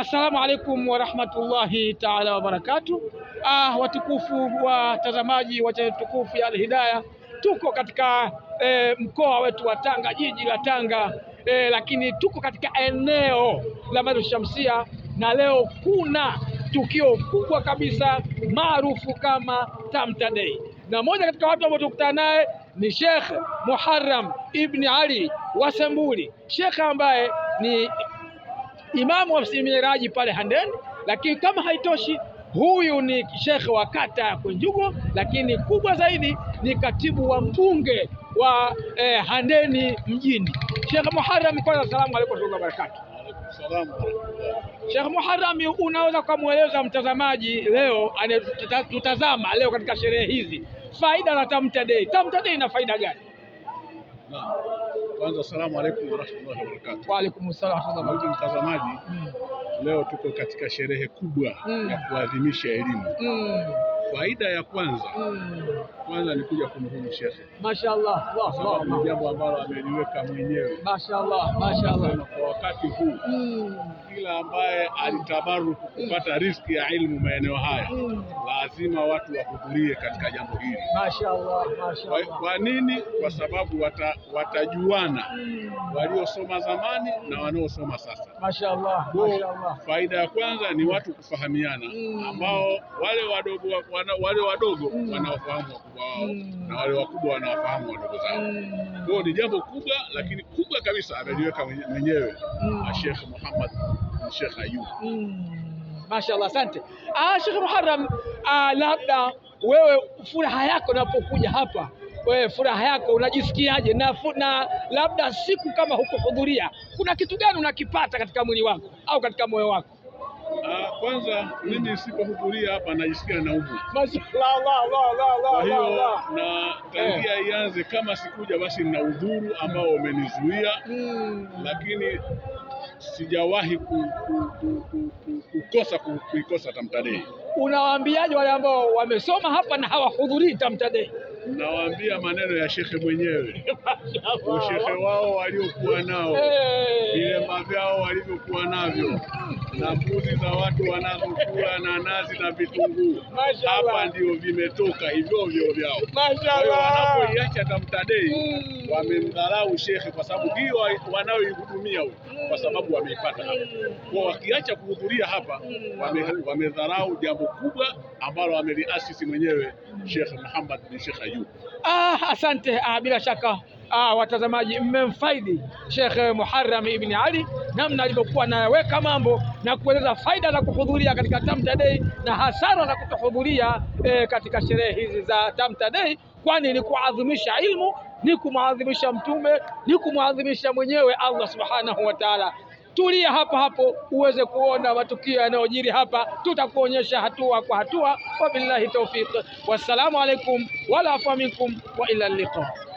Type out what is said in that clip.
Assalamu alaikum warahmatullahi taala wabarakatu. Ah, watukufu watazamaji wa chaneli tukufu ya Alhidaya, tuko katika eh, mkoa wetu wa Tanga, jiji la Tanga eh, lakini tuko katika eneo la Madu Shamsia na leo kuna tukio kubwa kabisa maarufu kama Tamta Day, na moja katika watu ambao tukutana naye ni Sheikh Muharram Ibni Ali Wasembuli, shekhe ambaye ni imamu wa miraji pale Handeni. Lakini kama haitoshi, huyu ni shekhe wa kata ya Kunjugo, lakini kubwa zaidi ni katibu wa mbunge wa eh, Handeni mjini, Shekh Muharram. Kwanza, asalamu alaykum wa barakatuh. Sheikh Muharram, unaweza kumweleza mtazamaji leo anayetutazama leo katika sherehe hizi faida za Tamta Day. Tamta Day ina faida gani? Kwanza, salamu alaykum warahmatullahi wabarakatuh. Wa alaykum salaam wa mtazamaji, mm. leo tuko katika sherehe kubwa ya mm. kuadhimisha elimu mm. Faida ya kwanza hmm. kwanza ni kuja kumhuru shekhe, mashaallah, ni jambo ambalo ameliweka mwenyewe, mashaallah, mashaallah. Kwa wakati huu hmm. kila ambaye alitabaruku kupata riski ya ilmu maeneo haya hmm. lazima watu wahudhurie katika jambo hili, mashaallah, mashaallah. Kwa nini? Kwa sababu wata, watajuana waliosoma zamani na wanaosoma sasa, mashaallah, mashaallah. Faida ya kwanza ni watu kufahamiana, ambao wale wadogo wa wana, wale wadogo mm. wakubwa wao mm. na wale wakubwa wanaofahamu wadogo zao mm. kwao ni jambo kubwa, lakini kubwa kabisa ameliweka mwenyewe mm. Sheikh Muhammad Sheikh Ayub mm. Mashallah, asante ah, Sheikh Muharram. Ah, labda wewe furaha yako unapokuja hapa wewe furaha yako unajisikiaje? Na, na labda siku kama hukuhudhuria, kuna kitu gani unakipata katika mwili wako au katika moyo wako? Ah, kwanza mimi sipohudhuria hapa najisikia naumu. Kwa hiyo eh. na tangia ianze kama sikuja basi nina udhuru ambao umenizuia mm. Lakini sijawahi kukosa kuikosa Tamtadei. Unawaambiaje wale ambao wamesoma hapa na hawahudhurii Tamtadei? Nawaambia maneno ya shekhe mwenyewe, ushehe wao waliokuwa nao eh vilema vyao walivyokuwa navyo na mbuzi za watu wanazokula na nazi na vitunguu, hapa ndio vimetoka hivyo vyo vyao. Wanapoiacha TAMTADEI mm. wamemdharau shekhe, kwa sababu hiyo wanayoihudumia huyo, kwa sababu wameipata hapa. Kwa wakiacha kuhudhuria hapa, mm. wamedharau jambo kubwa ambalo ameliasisi mwenyewe shekhe Muhammad bin Shekh Ayub. Ah, asante. Ah, bila shaka ah, watazamaji mmemfaidi Sheikh Muharram Ibn Ali namna alivyokuwa anayaweka mambo na kueleza faida za kuhudhuria katika Tamta Day na hasara za kutohudhuria e, katika sherehe hizi za Tamta Day, kwani ni kuadhimisha ilmu, ni kumwadhimisha Mtume, ni kumwadhimisha mwenyewe Allah subhanahu wa taala. Tulia hapa hapo uweze kuona matukio yanayojiri hapa, tutakuonyesha hatua kwa hatua. Wabillahi taufiq, wassalamu alaikum wala afwa minkum wa ila liqa.